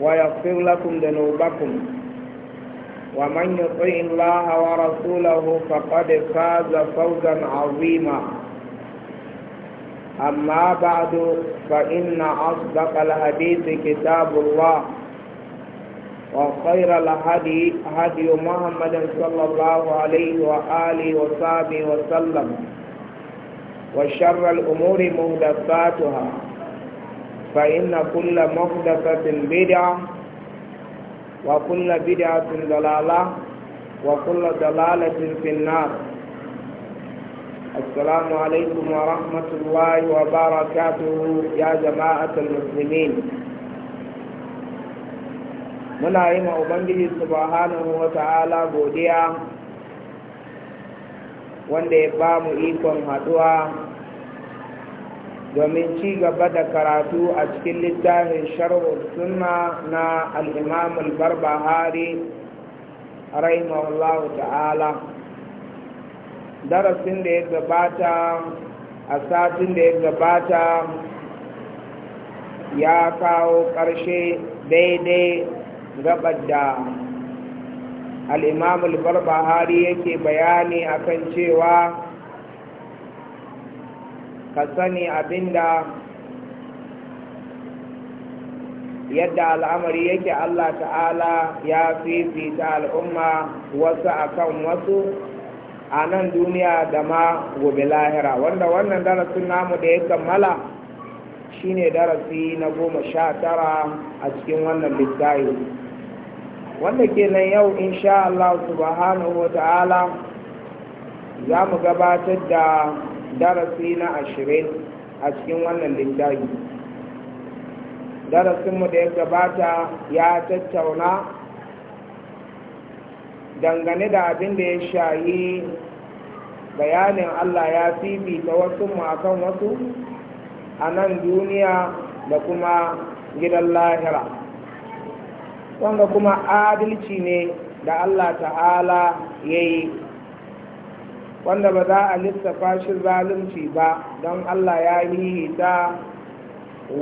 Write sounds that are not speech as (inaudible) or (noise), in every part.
ويغفر لكم ذنوبكم ومن يطع الله ورسوله فقد فاز فوزا عظيما أما بعد فإن أصدق الحديث كتاب الله وخير الهدي هدي محمد صلى الله عليه وآله وصحبه وسلم وشر الأمور مهدفاتها فإن كل محدثة بدعة وكل بدعة ضلالة وكل ضلالة في النار السلام عليكم ورحمة الله وبركاته يا جماعة المسلمين muna yi ma Ubangiji subhanahu wa ta'ala godiya wanda ya ba mu ikon haɗuwa domin ci gaba da karatu a cikin littafin sharhul sunna na al-imam al-barbahari rahimahullahu ta'ala darasin da ya gabata a satin da ya gabata ya kawo ƙarshe daidai gabar da al barbahari yake bayani akan cewa ka sani abinda yadda al'amari yake Allah ta'ala ya fifita al'umma wasu akan wasu a nan duniya da ma gobe lahira wanda wannan darasin namu da ya kammala shine darasi na goma sha tara a cikin wannan littafi wanda kenan yau insha Allah subhanahu wa ta'ala za mu gabatar da darasi na ashirin a cikin wannan littafi darasinmu da ya gabata ya tattauna dangane da abin da ya shayi bayanin allah ya fifita wasu mu akan wasu a nan duniya da kuma gidan lahira wanda kuma adalci ne da allah ta'ala ya yi wanda ba za a lissafa shi zalunci ba don Allah ya yi ta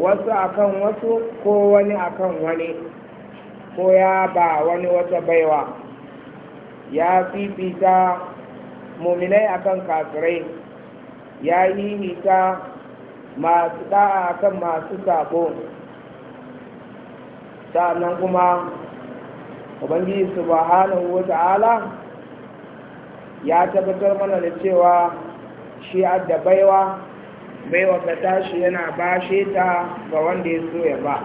wasu akan wasu ko wani akan wani ko ya ba wani wata baiwa ya fifita muminai kan kafirai ya yi ta masu da'a akan masu sabo nan kuma ubangiji subhanahu wa ta'ala ya tabbatar mana da cewa shi adda baiwa baiwa ta tashi yana bashe ta ga wanda ya so ya ba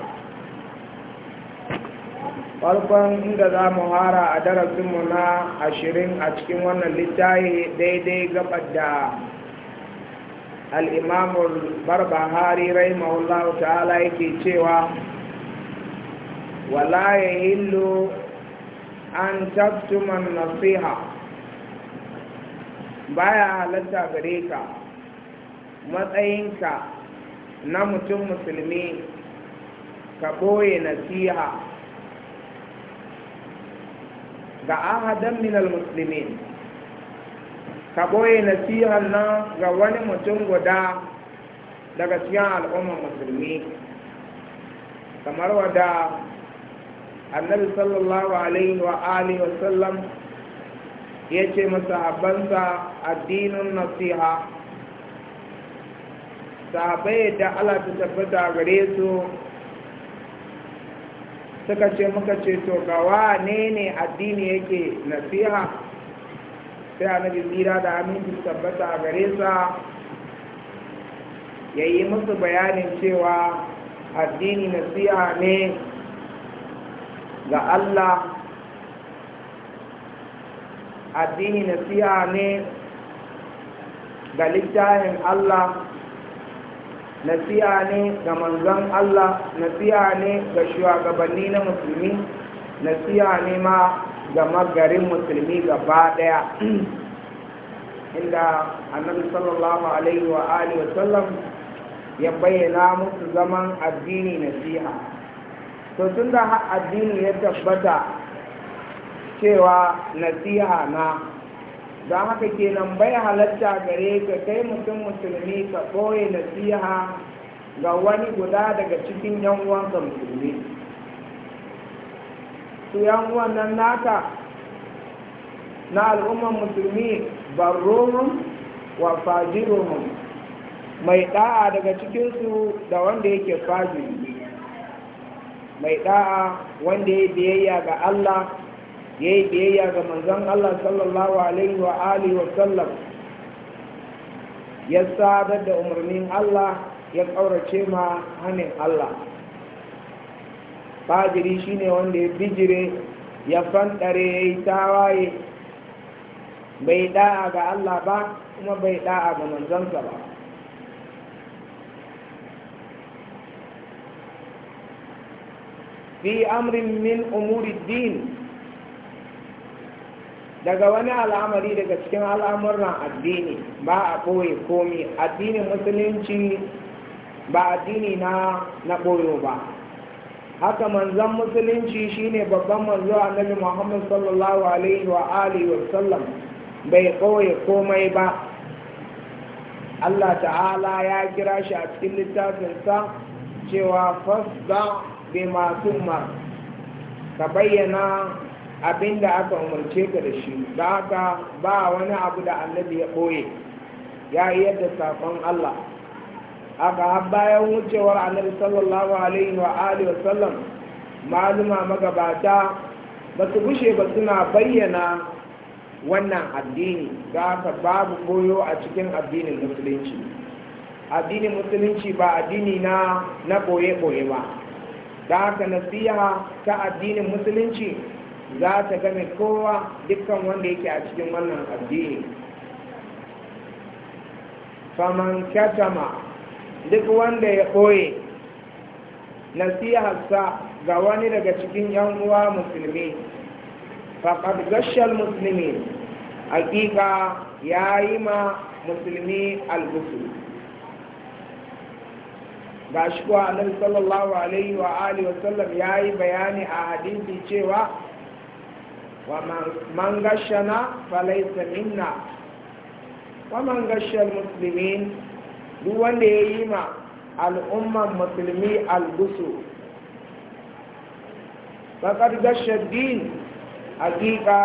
farkon inda za mu hara a darasinmu na ashirin a cikin wannan littafi daidai gabar da al'imamun barbahari ma'ullahu ta'ala yake cewa wala ya hillo an taftuman nasiha baya halatta gare ka matsayinka na mutum musulmi ka ɓoye nasiha ga ahadan minal musulmin ka ɓoye nasiha nan ga wani mutum guda daga cikin al'ummar musulmi kamar wada annabi sallallahu alaihi wa alihi wasallam ya ce masahabansa addinin nasiha sahabai da Allah ta tabbata gare su suka ce muka ce to gawa ne ne addini yake nasiha sai annabi tsira da ta tabbata gare sa ya yi musu bayanin cewa addini nasiha ne ga Allah addini nasiha ne ga littafin Allah nasiha ne ga manzon Allah nasiya ne ga shugabanni na musulmi nasiha ne ma ga magarin musulmi gaba daya (clears throat) inda annabi sallallahu alaihi wa alihi wa sallam ya bayyana musu zaman addini nasiha to tunda addini ya tabbata cewa nasiha na Da haka kenan bai halatta gare ka kai mutum musulmi ka ɓoye nasiha ga wani guda daga cikin yan uwanka musulmi su yan uwan nan naka na al'umman musulmi barruhum wa fajiruhum mai ɗa'a daga cikinsu da wanda yake fajiri mai ɗa'a wanda ya biyayya ga Allah ya yi biyayya ga manzon Allah sallallahu alaihi wa alihi wa sallam ya sadar da umarnin Allah ya ƙaurace ma hannun Allah fajiri shine wanda ya bijire ya fanɗare ya yi tawaye bai da'a ga Allah ba kuma bai da'a ga manzansa ba fi amrin min umuri din daga wani al'amari daga cikin al'amuran addini ba a ɓoye komi addinin musulunci ba addini na na ɓoyo ba haka manzon musulunci shine babban manzo annabi muhammad sallallahu alaihi wa alihi wa sallam bai ɓoye komai ba Allah ta'ala ya kira shi a cikin littafin sa cewa fasda bi masu ka bayyana abin da aka umarce ka da shi ba ka ba wani abu da annabi ya ɓoye ya yi yadda saƙon Allah haka har bayan wucewar annabi sallallahu alaihi wa alihi wasallam maluma magabata ba su gushe ba suna bayyana wannan addini da ka babu koyo a cikin addinin musulunci addinin musulunci ba addini na na ɓoye-ɓoye ba da haka nasiha ta addinin musulunci za ta game kowa dukkan wanda yake a cikin wannan addini faman katama duk wanda ya ɓoye nasiharsa ga wani daga cikin yan uwa musulmi faƙar gashal musulmi hakika ya yi ma musulmi albusu ga shi kuwa annabi sallallahu alaihi wa alihi wasallam ya yi bayani a hadisi cewa ومن غشنا فليس منا ومن غش المسلمين duk wanda ya yi ma al'umman musulmi algusu faƙar gashar din hakika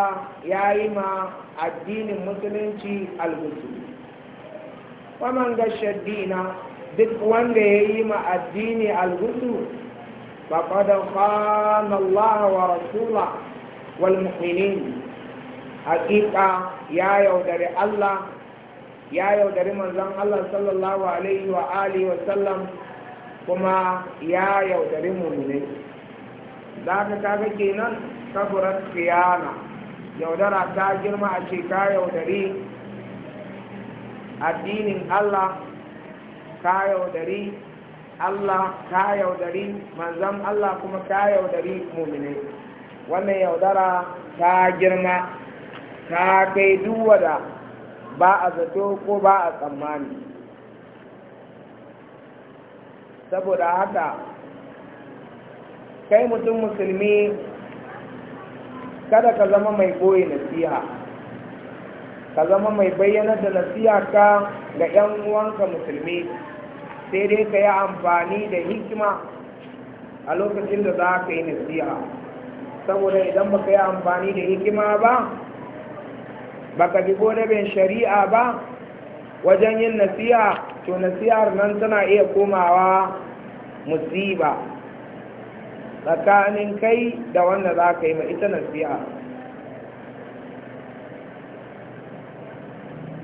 ya yi ma addinin musulunci algusu kwaman gashar dina duk wanda ya yi ma addini algusu faƙadar kwanan Allah wa rasulah walmuminin hakika ya yaudari Allah ya yaudari manzan Allah sallallahu alaihi wa alihi wa sallam kuma ya yaudari muminin za ka kaga kenan kafurar kiyana yaudara ta girma a ce ka yaudari addinin Allah ka yaudari Allah ka yaudari manzan Allah kuma ka yaudari muminin wannan yaudara ta girma ta kai duwada ba a zato ko ba a tsammani saboda haka kai mutum musulmi kada ka zama mai goyi nasiha ka zama mai bayyana da nasiha ka ga 'yan uwanka musulmi sai dai ka yi amfani da hikima a lokacin da za ka yi nasiha saboda idan baka yi amfani da hikima ba baka bi bin shari'a ba wajen yin nasiha to nasihar nan tana iya komawa musiba tsakanin kai da wanda za ka yi ma ita nasiha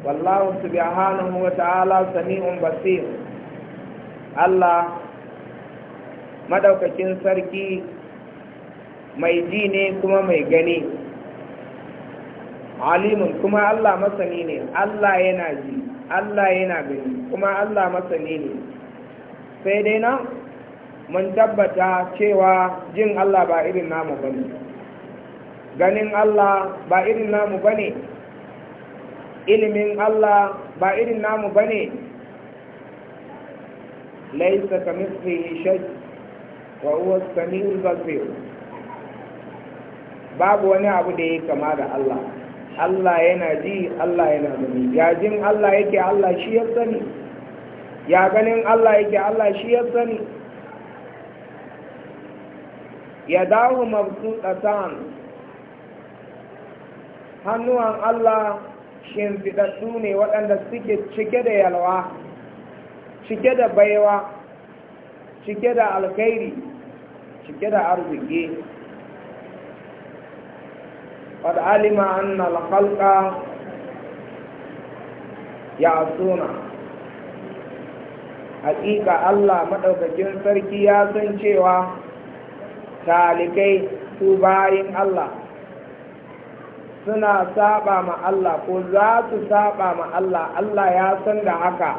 wallahu hannun wa ta'ala sami'un basir Allah madaukakin sarki mai ji ne kuma mai gani alimun kuma Allah masani ne Allah yana ji Allah yana gani kuma Allah masani ne sai dai na mun tabbata cewa jin Allah ba irin namu bane ganin Allah ba irin namu bane ilimin Allah ba irin namu bane laisa kamithlihi shay wa huwa as-sami'ul basir babu wani abu da ya kama da Allah Allah yana ji Allah yana gani ya jin Allah yake Allah shi ya sani ya ganin Allah yake Allah shi ya sani ya dawo mabsu tsasan hannuwan Allah shimfiɗaɗɗu ne waɗanda suke cike da yalwa cike da baiwa cike da alkhairi cike da arziki قد علم أن الخلق يعصون حقيقة الله مدوكين سركي ياسن شيوا talikai su bayin Allah suna saba ma Allah ko za su saba ma Allah Allah ya san da haka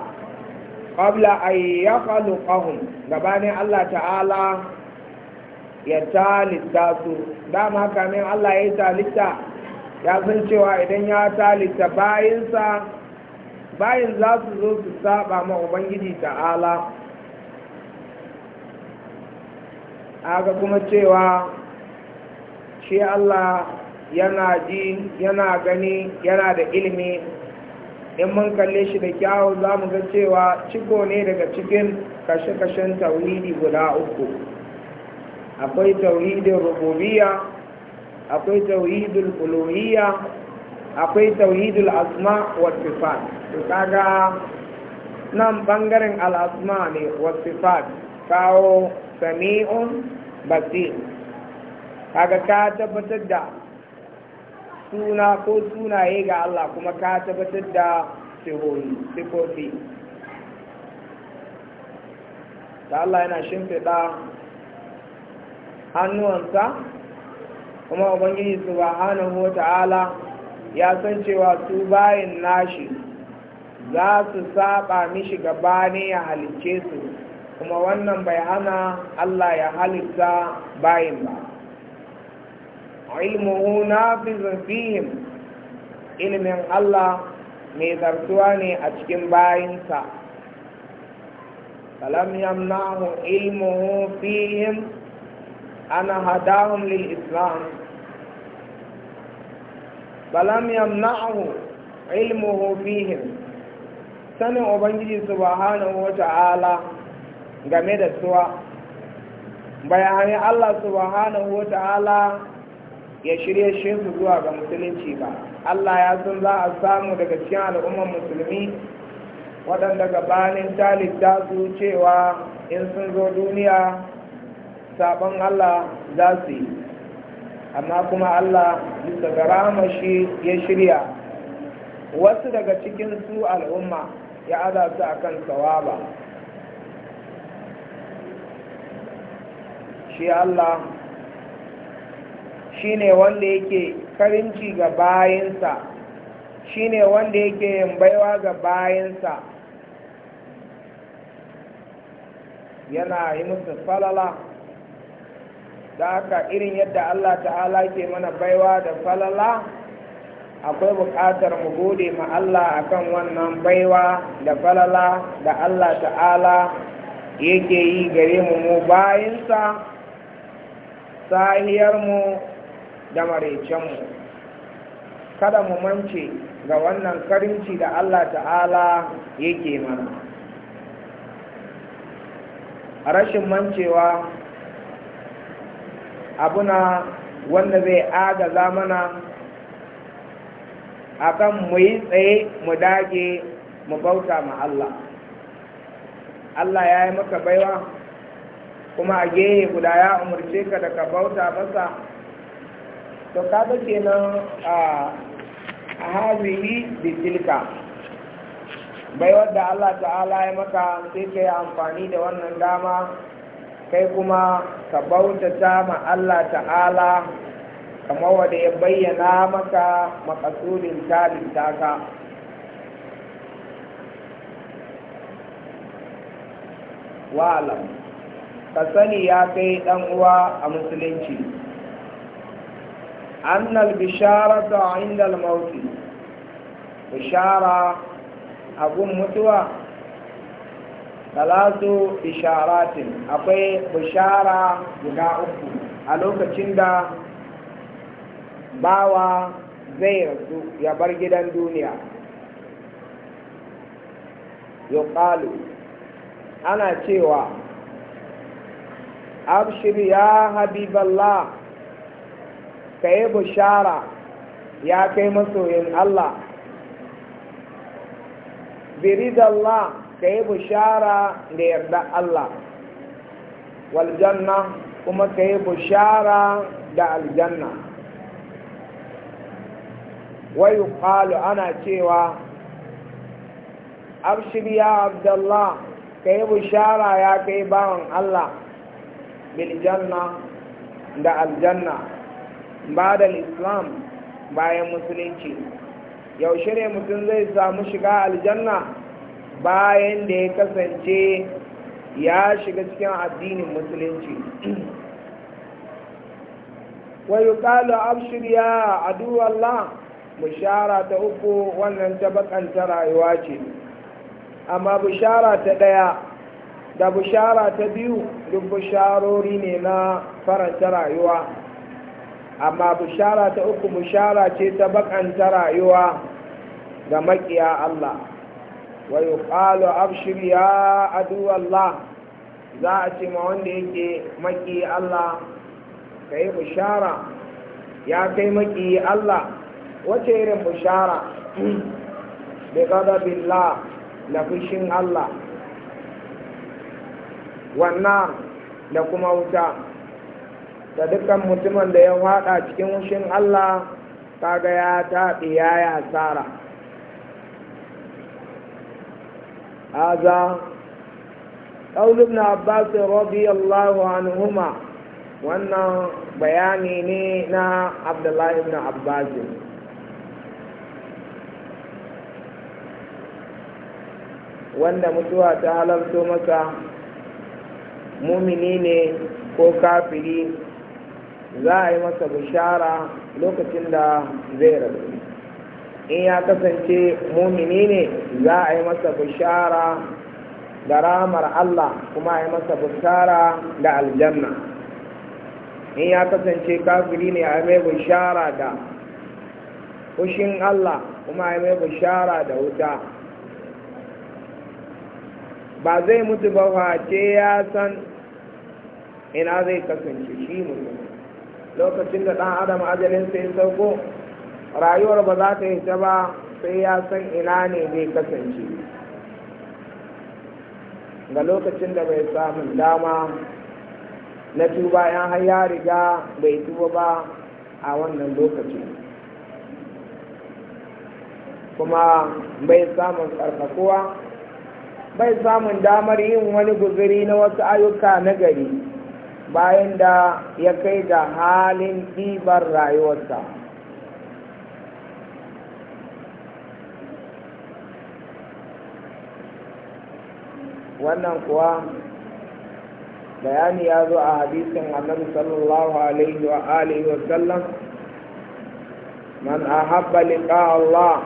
qabla ay yakhluqahum gabanin Allah ta'ala ya talita su dama kamin Allah ya yi talita? ya san cewa idan ya talita bayinsa bayin za su zo su saba ma ubangiji ta'ala aga kuma cewa shi Allah yana ji yana gani yana da ilimi in mun kalle shi da kyawu za mu ga cewa ciko ne daga cikin kashe-kashen tauhidi guda uku akwai tauhidin rububiyya akwai tauhidul uluhiyya akwai tauhidul asma wa sifat to kaga nan bangaren al'asma ne wa sifat kawo sami'un basir kaga ka tabbatar da suna ko sunaye ga Allah kuma ka tabbatar da sifofi da Allah yana shimfiɗa hannuwansa kuma ubangiji su subhanahu wa ta'ala ya san cewa su bayin nashi za su saba mishi gaba ne ya halicce su kuma wannan bai hana Allah ya halitta bayin ba ilmuhu nafizun fihim ilmin Allah mai zartuwa ne a cikin bayinsa falam yamnahu ilmuhu fihim أنا هداهم للإسلام فلم يمنعه علمه فيهم sanin Ubangiji subhanahu wa ta'ala game da suwa bayanai Allah subhanahu wa ta'ala ya shirye shi su zuwa ga musulunci ba Allah ya san za a samu daga cikin al'umman musulmi waɗanda gabanin talib ta su cewa in sun zo duniya saɓon Allah za su yi amma kuma Allah bisa ga ramashi ya shirya wasu daga cikin su al'umma ya aza su akan sawaba shi Allah shi ne wanda yake karinci ga bayansa shi ne wanda yake yin baiwa ga bayansa yana yi musu falala da haka irin yadda Allah ta'ala ke mana baiwa da falala akwai buƙatar mu gode ma Allah akan wannan baiwa da falala da Allah ta'ala yake yi gare mu mu bayinsa sahiyarmu da marecenmu kada mu mance ga wannan karinci da Allah ta'ala yake mana rashin mancewa abuna wanda zai agaza zamana akan mu yi tsaye mu dage mu bauta ma Allah Allah ya yi maka baiwa kuma a gehe guda ya umarce ka da ka bauta masa to kaga kenan a hazihi da tilka baiwar da Allah ta'ala ya maka sai ka yi amfani da wannan dama kai kuma ka bautata ma Allah ta'ala kamar wanda ya bayyana maka makasudin talinta ka wa'alam ka sani ya kai 'dan uwa a musulunci annal Bishara inda mauti bishara abun mutuwa salatu isharatin akwai bishara guda uku a lokacin da bawa zai rasu ya bar gidan duniya Yukalu. ana cewa abshir ya habiballah ka yi bishara ya kai masoyin allah biridallah ka yi bushara da yarda Allah waljanna kuma ka yi bushara da aljanna wayu qalu ana cewa abshir ya abdullah ka yi bushara ya kai bawan Allah biljanna da aljanna ba da islam bayan musulunci yaushe ne mutum zai samu shiga aljanna bayan da ya kasance ya shiga cikin addinin musulunci (clears throat) wayo kalu abshiriya aduwallah bishara ta uku wannan ta rayuwa ce amma bishara ta ɗaya da bishara ta biyu duk bisharori ne na faranta rayuwa amma bishara ta uku bishara ce ta bakanta rayuwa ga maƙiya Allah wa yuqalu abshir ya adu Allah za a ce ma wanda yake maki Allah ya kai maki Allah wace irin bushara (clears throat) bi billa na fushin Allah wannan da kuma wuta da dukkan mutumin da ya faɗa cikin wushin Allah kaga ya taɓi ya yi هذا قول ابن عباس رضي الله عنهما wannan bayani ne na abdullahi ibn abbas wanda mutuwa ta halarto masa mumini ne ko kafiri za a yi masa bishara lokacin da zai rasu in ya kasance mumini ne za a yi masa bishara da ramar Allah kuma a yi masa bishara da aljanna in ya kasance kafiri ne a yi mai bishara da fushin Allah kuma a yi mai bishara da wuta ba zai mutu ba ce ya san ina zai kasance shi mutum lokacin da ɗan adam ajalinsa ya sauko rayuwar ba za ta yi ta ba sai ya san ina ne zai kasance ga lokacin da bai samun dama na tuba yan har ya riga bai tuba ba a wannan lokacin. kuma bai samun karfakuwa bai samun damar yin wani guzuri na wasu ayyuka na gari bayan da ya kai ga halin ɗibar rayuwarsa wannan kuwa bayani ya zo a hadisin annabi sallallahu alaihi wa alihi wa sallam man ahabba liqa Allah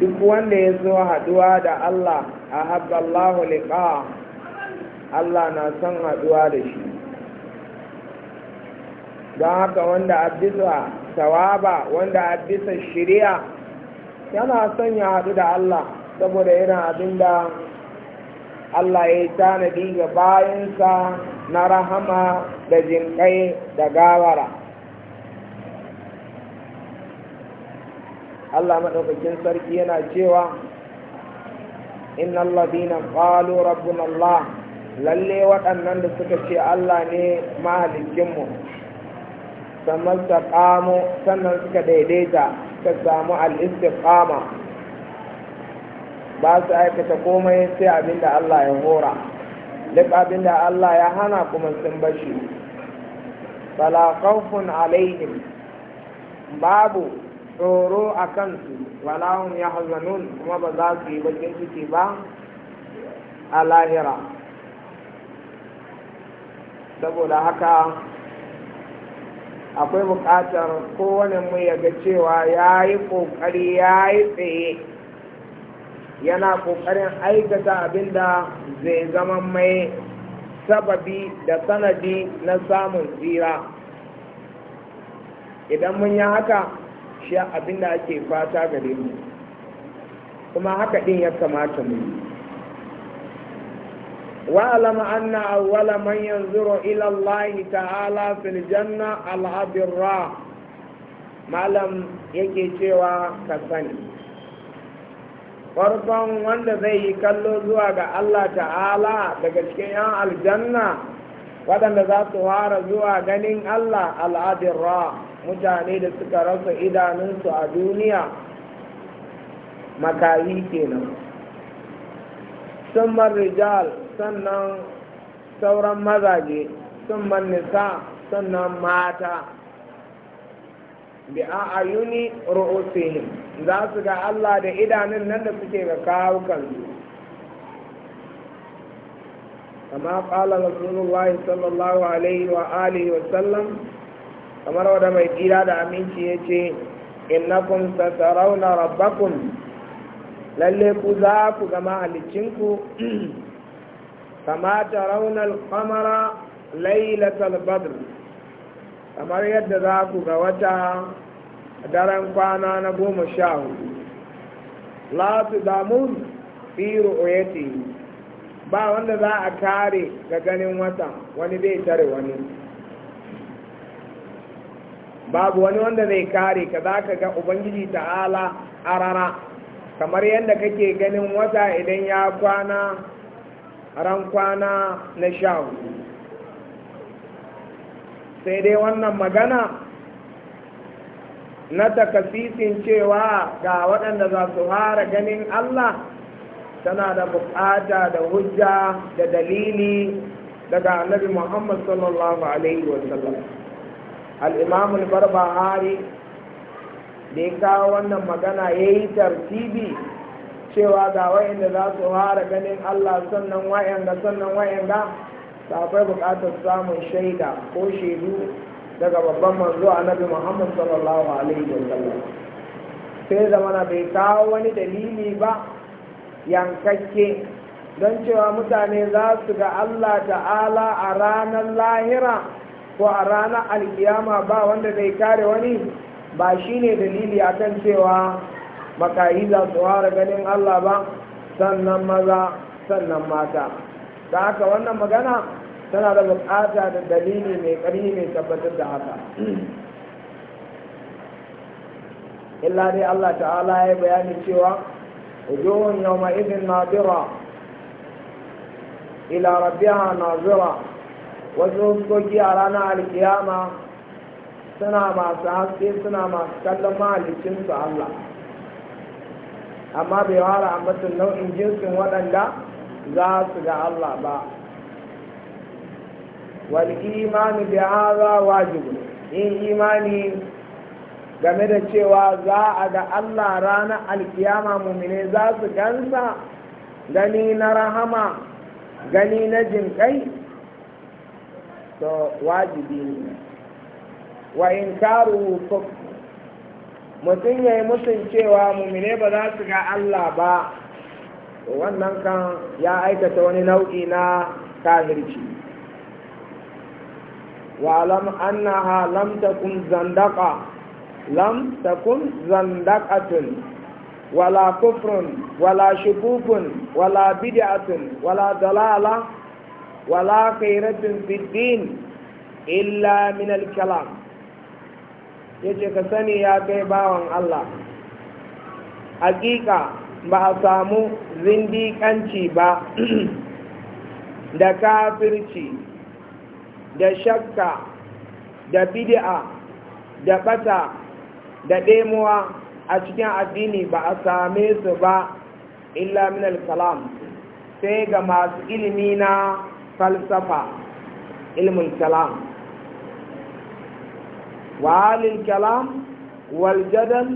duk wanda ya zo haduwa da Allah ahabba Allah liqa Allah na son haduwa da shi don haka wanda abisa tawaba wanda abisa shari'a yana son ya haɗu da Allah saboda yana abin da Allah ya yi tanadi ga bayansa na rahama da jinƙai da gawara. Allah maɗaukakin sarki yana cewa, Inna Allah dina qalu rabbin Allah lalle waɗannan da suka ce Allah ne mahalikinmu, sannan ta sannan suka daidaita, suka samu al'istiqama. ba su aikata komai sai abin da Allah ya hora duk abinda Allah ya hana kuma sun bashi fala khawfun alaihim babu tsoro a kansu wala hum yahzanun kuma ba za su yi bakin ciki ba a lahira saboda haka akwai bukatar kowane mu ya ga cewa ya yi ƙoƙari ya yi tsaye yana ƙoƙarin aikata abin da zai zama mai sababi da sanadi na samun tsira idan mun yi haka shi abin da ake fata gare mu kuma haka ɗin ya kamata mu yi واعلم أن أول من ila إلى Ta'ala تعالى في الجنة الأبرار ما cewa ka sani. farkon wanda zai yi kallo zuwa ga Allah ta'ala daga cikin 'yan aljanna waɗanda za su fara zuwa ganin Allah al'adirra mutane da suka rasa idanunsu a duniya makayi kenan sun rijal sannan sauran mazaje sun nisa sannan mata bi ayuni ru'usihim za su ga Allah da idanun nan da suke ga kawo kansu kama kala rasulullah sallallahu alaihi wa alihi wa sallam kamar wanda mai tsira da aminci ya ce innakum satarawna rabbakum lalle ku za ku ga mahalicinku (clears throat) kama tarawna al-qamara laylatal badr kamar yadda za ku ga wata daren kwana na goma sha hudu la su damun firu oyete ba wanda za a kare ga ganin wata wani zai tare wani babu wani wanda zai kare ka za ka ga ubangiji ta'ala a rana kamar yadda kake ganin wata idan ya kwana ran kwana na sha hudu sai dai wannan magana na takasisin cewa ga waɗanda za su fara ganin Allah tana da buƙata da hujja da dalili daga annabi Muhammad sallallahu Alaihi wasallam. al'imam al-barbahari da ya kawo wannan magana ya yi tartibi cewa ga waɗanda za su fara ganin Allah sannan wa'yanga sannan wa'yanga da akwai bukatar samun shaida ko shaidu daga babban manzo nabi muhammad sallallahu alaihi wa sallam sai zamana bai kawo wani dalili ba yankakke don cewa mutane za su ga allah ta'ala a ranar lahira ko a ranar alkiyama ba wanda zai kare wani ba shine dalili akan cewa makayi za su ware ganin allah ba sannan maza sannan mata da haka wannan magana tana da bukata da dalili mai ƙarfi mai tabbatar da haka illa dai Allah ta'ala ya bayani cewa wujuhun yawma idhin nadira ila rabbiha nazira wasu huskoki a ranar alkiyama suna masu haske suna masu kallon mahalicinsu Allah amma bai wara a nau'in jinsin waɗanda za su ga Allah ba wal imani bi hadha wajibun in imani game da cewa za a ga Allah rana alkiyama mumine za su gansa gani na rahama gani na jin kai to wajibi ne wa in karu mutum ya yi mutun cewa mumine ba za su ga Allah ba wannan kan ya aikata wani nau'i na wa wa'alam annaha lam takun zandaka lam takun zandaqatun wala kufrun wala shukukun wala bid'atun wala dalala wala khairatun fid din illa min al-kalam yace ka sani ya kai bawan Allah hakika ba a samu zindiƙanci ba (clears throat) da kafirci da shakka da bid'a da bata da ɗemuwa a cikin addini ba a same su ba illa minal kalam sai ga masu ilimi na falsafa ilmin kalam wa halin kalam wal jadal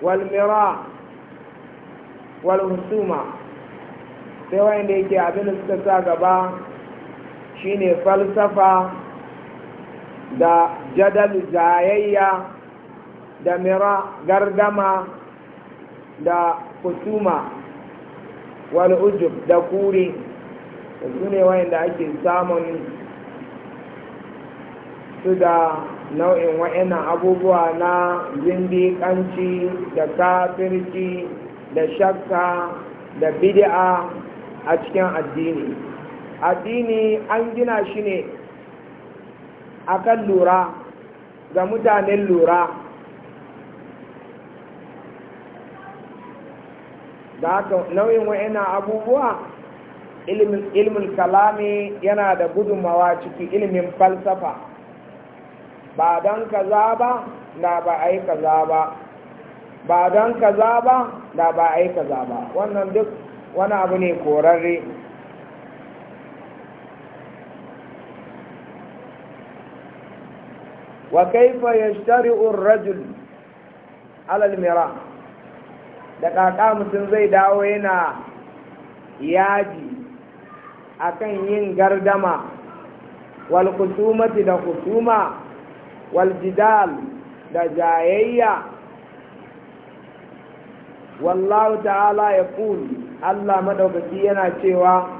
wal mira wal sai wanda yake abin da suka sa gaba shine falsafa da jadal jayayya da mira gardama da husuma wal da kuri su ne wanda ake samun su da nau'in wa'annan abubuwa na zindiƙanci da kafirci da shakka da bid'a a cikin addini addini an gina shi ne kan lura ga mutanen lura da haka nau'in wa'ina abubuwa ilmin kalami yana da gudunmawa ciki ilmin falsafa ba don kaza ba na ba a yi kaza ba ba don kaza ba da ba a yi kaza ba wannan duk wani abu ne korarre wa kaifa ya ar-rajul alal da kaka mutum zai dawo yana yaji a kan yin gardama wal kusumati da kusuma wal jidal da jayayya wallahu ta'ala ya ƙuli Allah maɗaukaki yana cewa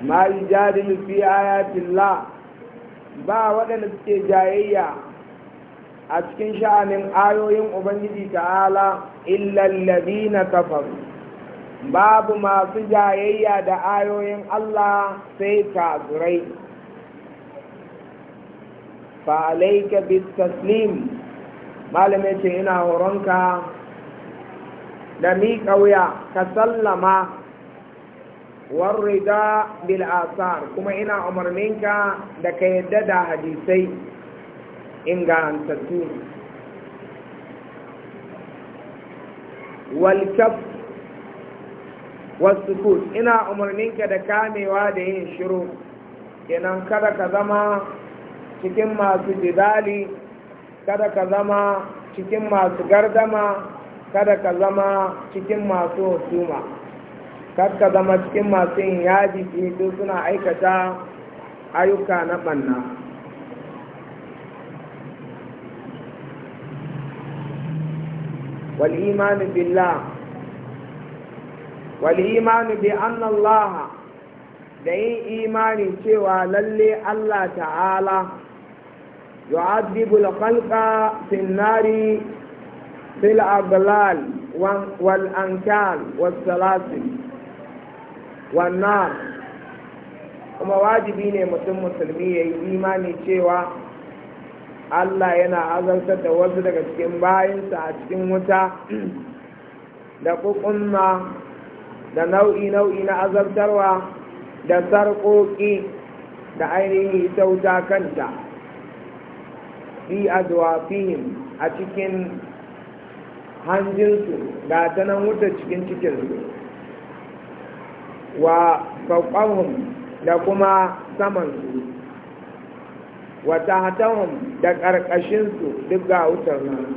ma yi jadilu fi ayatillah ba waɗanda suke jayayya a cikin sha'anin ayoyin Ubangiji ta'ala illallabi na kafaru babu masu jayayya da ayoyin Allah sai kafirai fa alayka bit taslim malamai ce ina horonka da miƙa wuya ka sallama warrida bil asar kuma ina umarninka da ka yadda da hadisai ingantattu walkaf wasu ina umarninka da kamewa da yin shiru kenan kada ka zama cikin masu jidali kada ka zama cikin masu gardama kada ka zama cikin masu husuma kada ka zama cikin masu yin yaji su suna aikata ayyuka na ɓanna والإيمان بالله والإيمان da yin imani cewa lalle Allah ta'ala yu'adhibul khalqa fin في الأضلال والأنكال والسلاسل والنار kuma wajibi ne mutum musulmi ya yi imani cewa Allah yana azartar da wasu daga cikin bayansa a cikin wuta (clears throat) da kukunma da nau'i-nau'i na azartarwa da sarƙoƙi da ainihin ita wuta kanta fi adwafihim a cikin hanjinsu ga ta nan wuta cikin cikinsu wa fauqahum da kuma samansu wa tahtahum da ƙarƙashinsu duk ga wutar nan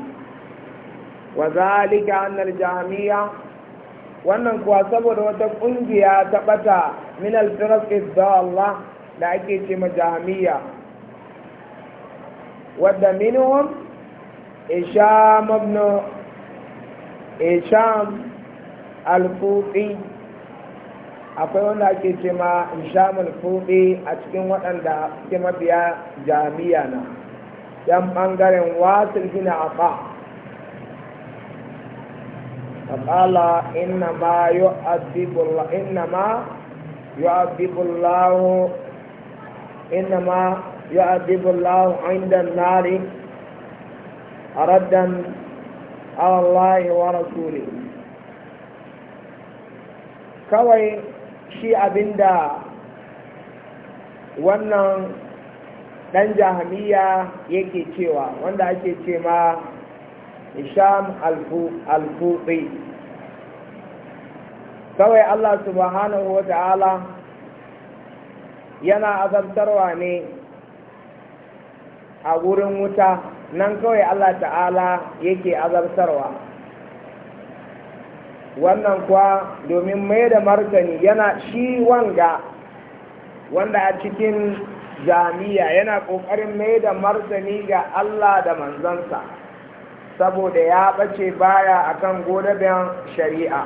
wa zalika hannar jami'a. wannan kuwa saboda wata ƙungiya ta ɓata min al Allah da ake ce ma jami'a. wadda minhum isha mabnu Isham Al-Fuɗi, akwai wanda ake ce ma Isham Al-Fuɗi a cikin waɗanda suke mabiya jami'a na, ‘yan ɓangaren wasu gina a ba. Faƙala inna ma yo inna ma yu'addibullahu inda nari a raddan على الله ورسوله kawai shi abinda wannan ɗan jahamiya yake cewa wanda ake ce ma isham alfuɗi kawai Allah subhanahu wa ta'ala yana azabtarwa ne a wurin wuta nan kawai Allah ta'ala yake azabtarwa wannan kuwa domin mai da martani yana shi wanga wanda a cikin jami'a yana ƙoƙarin mai da martani ga Allah da manzansa saboda ya ɓace baya akan godaben shari'a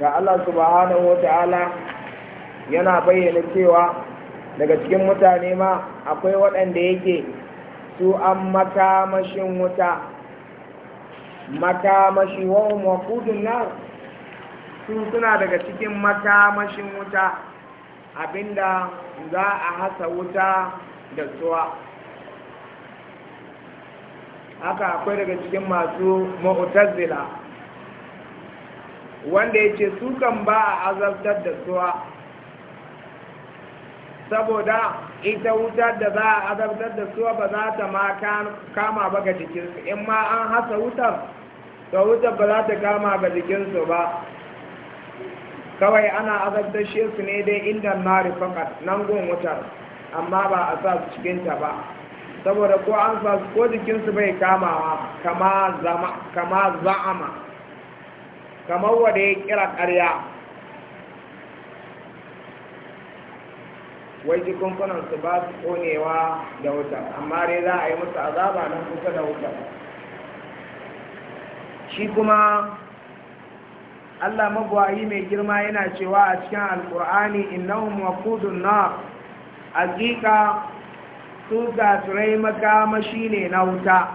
ga Allah subhanahu wa ta'ala yana bayyana cewa daga cikin mutane ma akwai waɗanda yake su an makamashin wuta makamashi wawon makudun nan su suna daga cikin makamashin wuta abinda za a hasa wuta da tsuwa haka akwai daga cikin masu ma'utazila wanda ya ce sukan ba a azabtar da tsuwa saboda ita wutar da za a azabtar da su ba za ta ma kama ba ga jikinsu in ma an hasa wutar to wutar ba za ta kama ga jikinsu ba kawai ana azabtar shi su ne dai inda mari fakat nan gun wutar amma ba a sa su cikinta ba saboda ko an sa su ko jikinsu bai kamawa kama za'ama kamar wanda ya kira ƙarya wai jikunkunan su ba su konewa da wutar amma dai za a yi musu azaba nan kusa da wutar shi kuma Allah magwayi mai girma yana cewa a cikin alkur'ani innahum waqudun na hakika su turai makamashi ne na wuta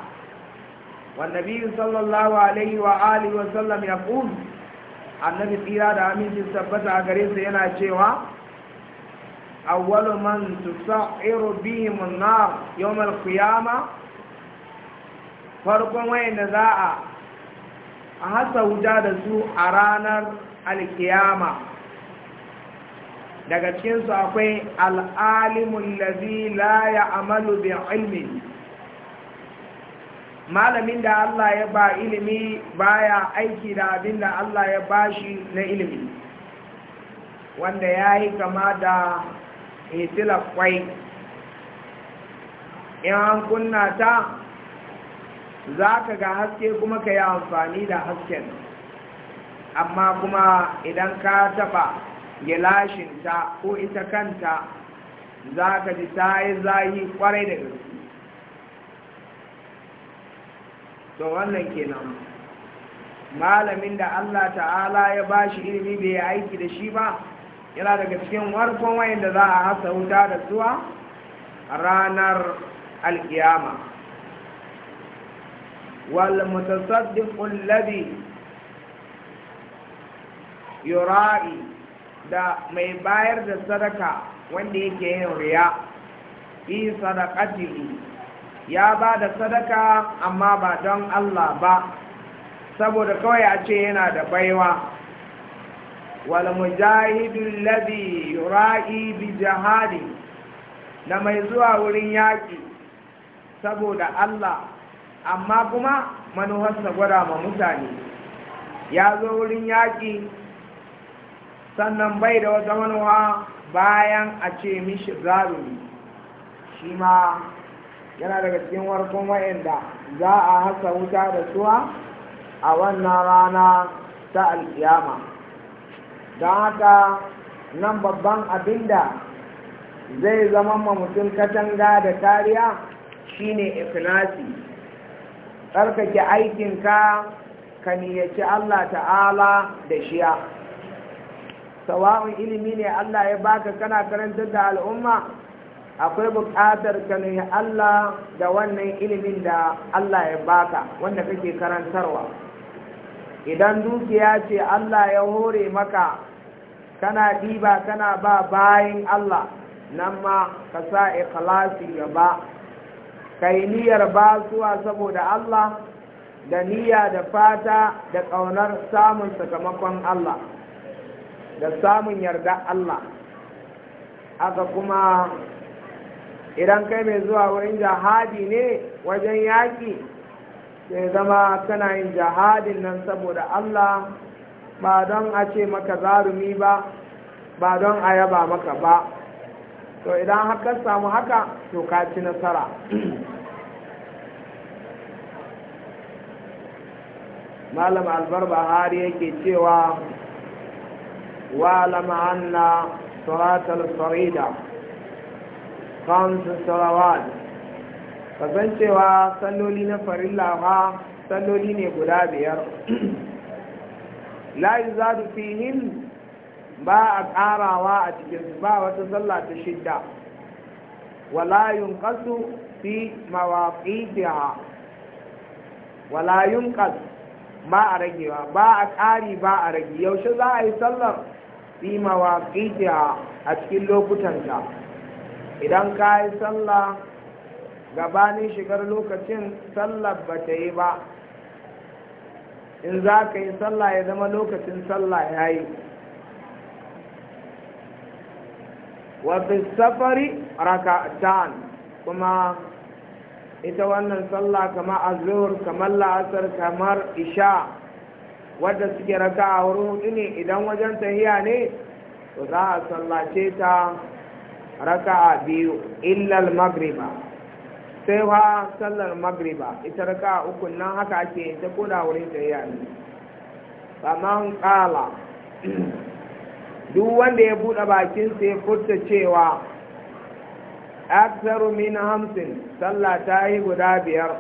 wannabi sallallahu alaihi wa alihi wa sallam ya annabi tsira da amincin tabbata a gare su yana cewa awwalu man tusairu bihim an-nar yawm al-qiyama farkon wayanda za a hasa da su a ranar alkiyama daga cikinsu akwai al'alimun lazi la ya amalu bin ilmi malamin da Allah ya ba ilimi baya aiki da abin da Allah ya bashi na ilimi wanda ya yi kama da hitila kwai in an kunna ta za ka ga haske kuma ka yi amfani da hasken amma kuma idan ka taba gilashinta ko ita kanta za ka ji ta yi zahi kwarai da gaske to wannan kenan malamin da Allah ta'ala ya bashi ilimi bai aiki da shi ba yana daga cikin warkon wayan da za a hasa wuta da zuwa ranar alkiyama wal mutasaddiqul ladhi yura'i da mai bayar da sadaka wanda yake yin riya fi sadaqatihi ya ba da sadaka amma ba don Allah ba saboda kawai a ce yana da baiwa bi jihadi na mai zuwa wurin yaƙi, saboda Allah, amma kuma manuwarsa gwada ma mutane ya zo wurin yaƙi sannan bai da wata manuwa bayan a ce mishi zaruri shi ma yana daga cikin warkon wa'inda za a hasa wuta da suwa a wannan rana ta alƙiyama don haka nan babban abinda zai zama ma mutum katanga da kariya shine ikhlasi tsarkake aikinka ka niyyaci Allah ta'ala da shiya sawa'un ilimi ne Allah ya baka kana karantar da al'umma akwai buƙatar ka ne Allah da wannan ilimin da Allah ya baka wanda kake karantarwa idan dukiya ce Allah ya hore maka kana ɗiba kana ba bayan Allah nan ma ka sa ikhlasi gaba kai niyyar ba suwa saboda Allah da niyya da fata da ƙaunar samun sakamakon Allah da samun yarda Allah aka kuma idan kai mai zuwa wurin jihadi ne wajen yaƙi sai zama kana yin jihadin nan saboda Allah ba don a ce maka zarumi ba ba don a yaba maka ba to idan haka samu haka to ka ci nasara (clears throat) malam albar bahari yake cewa wa lama anna salatul farida khamsu salawat kasancewa salloli na farilla ma salloli ne guda biyar (clears throat) la yuzadu fihim ba a karawa a cikin ba wata sallah ta shidda wala kasu fi mawaqitiha wala yunqas ba a ragewa ba a ƙari ba a rage yaushe za a yi sallar fi mawaqitiha a cikin lokutanta idan ka yi sallah gabanin shigar lokacin sallar ba ta yi ba in za ka yi sallah ya zama lokacin sallah ya yi wafi safari raka'atan kuma ita wannan sallah kamar azur kamar la'asar kamar isha wadda suke raka a wurin hudu ne idan wajen tahiya ne to za a sallace ta raka a biyu illal magriba sai fa sallar magriba ita raka uku nan haka ake ta koda wurin tsayiya ne saman kala duk wanda ya buɗe sa ya furta cewa aksaru min hamsin sallah ta yi guda biyar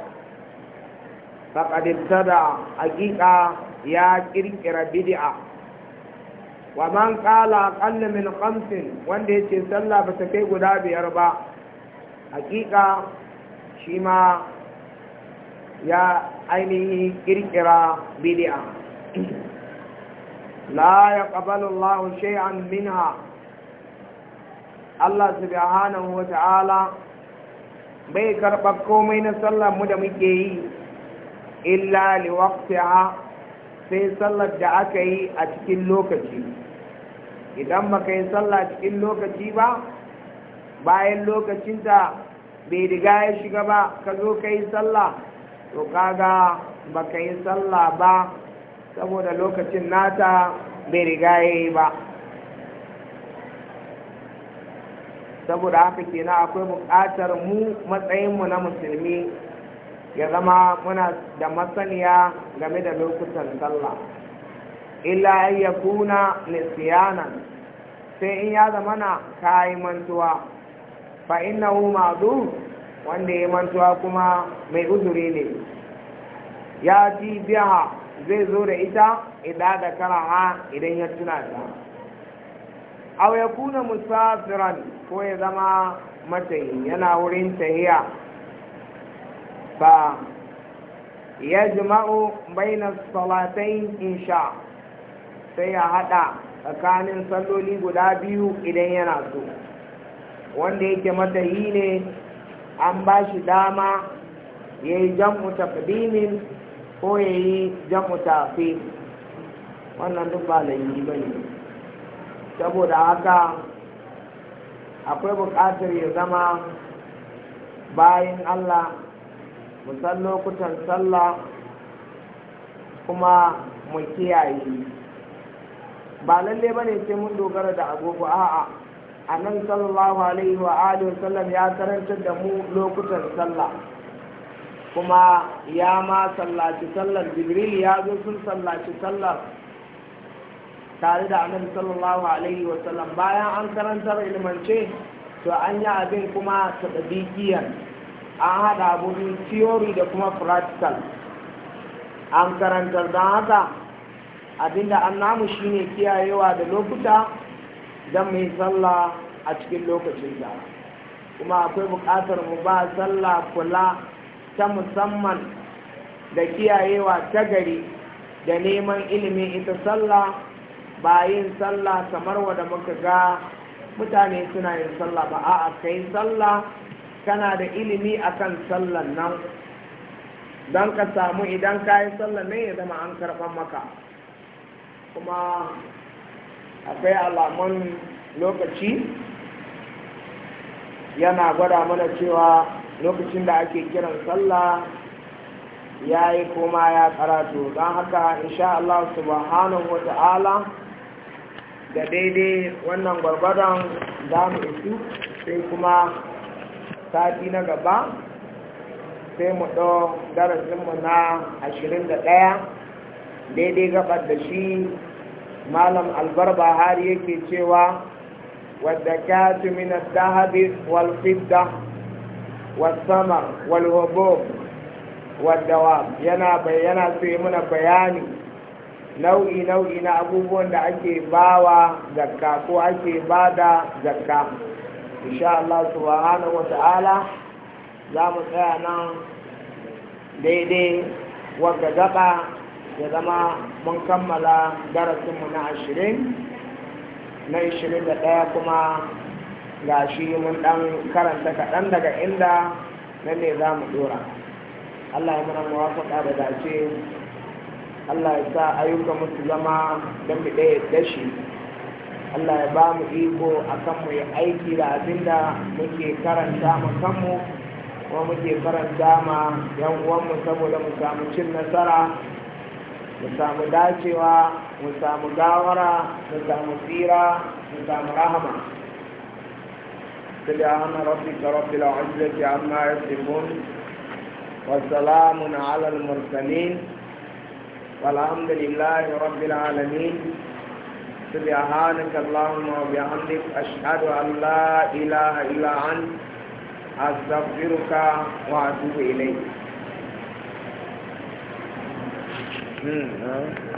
faƙadinta da hakika ya ƙirƙira bid'a wa man ƙala ƙalla min hamsin wanda ya ce sallah ba ta kai guda biyar ba hakika shi ma ya ainihi kirkira bidi'a (clears throat) la ya ƙabalu Allahu shay'an minha Allah subhanahu wa ta'ala bai karɓar komai na sallar mu da muke yi illa ha sai sallar da aka yi a cikin lokaci idan baka yi sallar cikin lokaci ba bayan lokacinta bai riga ya shiga ba ka zo ka yi sallah to kaga ba ka yi sallah ba saboda lokacin nata bai riga ya yi ba saboda haka kenan akwai buƙatar mu matsayinmu na musulmi ya zama muna da masaniya game da lokutan sallah illa ya kuna nisiyana sai in ya zama na kayi mantuwa fa innahu ma'dum wanda ya mantuwa kuma mai uzuri ne ya ji biya zai zo da ita idan da ha idan ya tuna ta aw ya kuna musafiran ko ya zama matayi yana wurin tahiya ba ya jima'u na salatai insha sai ya hada tsakanin salloli guda biyu idan yana so wanda yake yi ne an ba shi dama ya yi jam'u fadimin ko ya yi jam'u fi wannan duk ba laifi ba ne saboda haka akwai bukatar ya zama bayan allah musan lokutan sallah kuma mu kiyaye ba lalle ba ne sai mun dogara da agogo a'a annabi sallallahu alaihi wa alihi wasallam ya karantar da mu lokutan sallah kuma ya ma sallaci sallar jibril ya zo sun sallaci sallar tare da annabi sallallahu alaihi wa sallam bayan an karantar ilmance to an yi abin kuma tsadikiyar an haɗa abubuwan theory da kuma practical an karantar da haka abinda an namu shine kiyayewa da lokuta don mu yi sallah a cikin lokacin da kuma akwai buƙatar mu ba sallah kula ta musamman da kiyayewa ta gari da neman ilimin ita sallah ba yin sallah kamar wadda muka ga mutane suna yin sallah ba a'a kai sallah kana da ilimi akan sallan nan don ka samu idan ka yi sallan nan ya zama an karɓar maka kuma akwai alamun lokaci yana gwada mana cewa lokacin da ake kiran sallah ya yi koma ya karatu don haka insha Allah subhanahu wa ta'ala da daidai wannan gwargwadon za mu isu sai kuma sati na gaba sai mu ɗau darasinmu na 21 daidai gabar da shi malam albarba hari yake cewa wadda kyatu min dahabi wal fidda wal sama wal wadda yana bayyana su yi muna bayani nau'i nau'i na abubuwan da ake bawa zakka ko ake bada zakka insha Allah subhanahu wa ta'ala za mu tsaya nan daidai wadda gaba ya zama mun kammala darasinmu na ashirin na ashirin da ɗaya kuma ga shi mun ɗan karanta kaɗan daga inda nan ne za mu ɗora allah ya mana muwafaƙa da dace allah ya sa ayyuka musu zama don mu ɗaya dashi allah ya ba mu iko a kan mu yi aiki da abin da muke karanta mu kanmu kuma muke karanta ma yan uwanmu saboda mu samu cin nasara mu samu dacewa داورا samu سيرا mu samu tsira mu ربك رب العزة عما يصفون وسلام على المرسلين والحمد لله رب العالمين سبحانك اللهم وبحمدك أشهد أن لا إله إلا أنت أستغفرك وأتوب إليك Hmm,